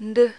ndë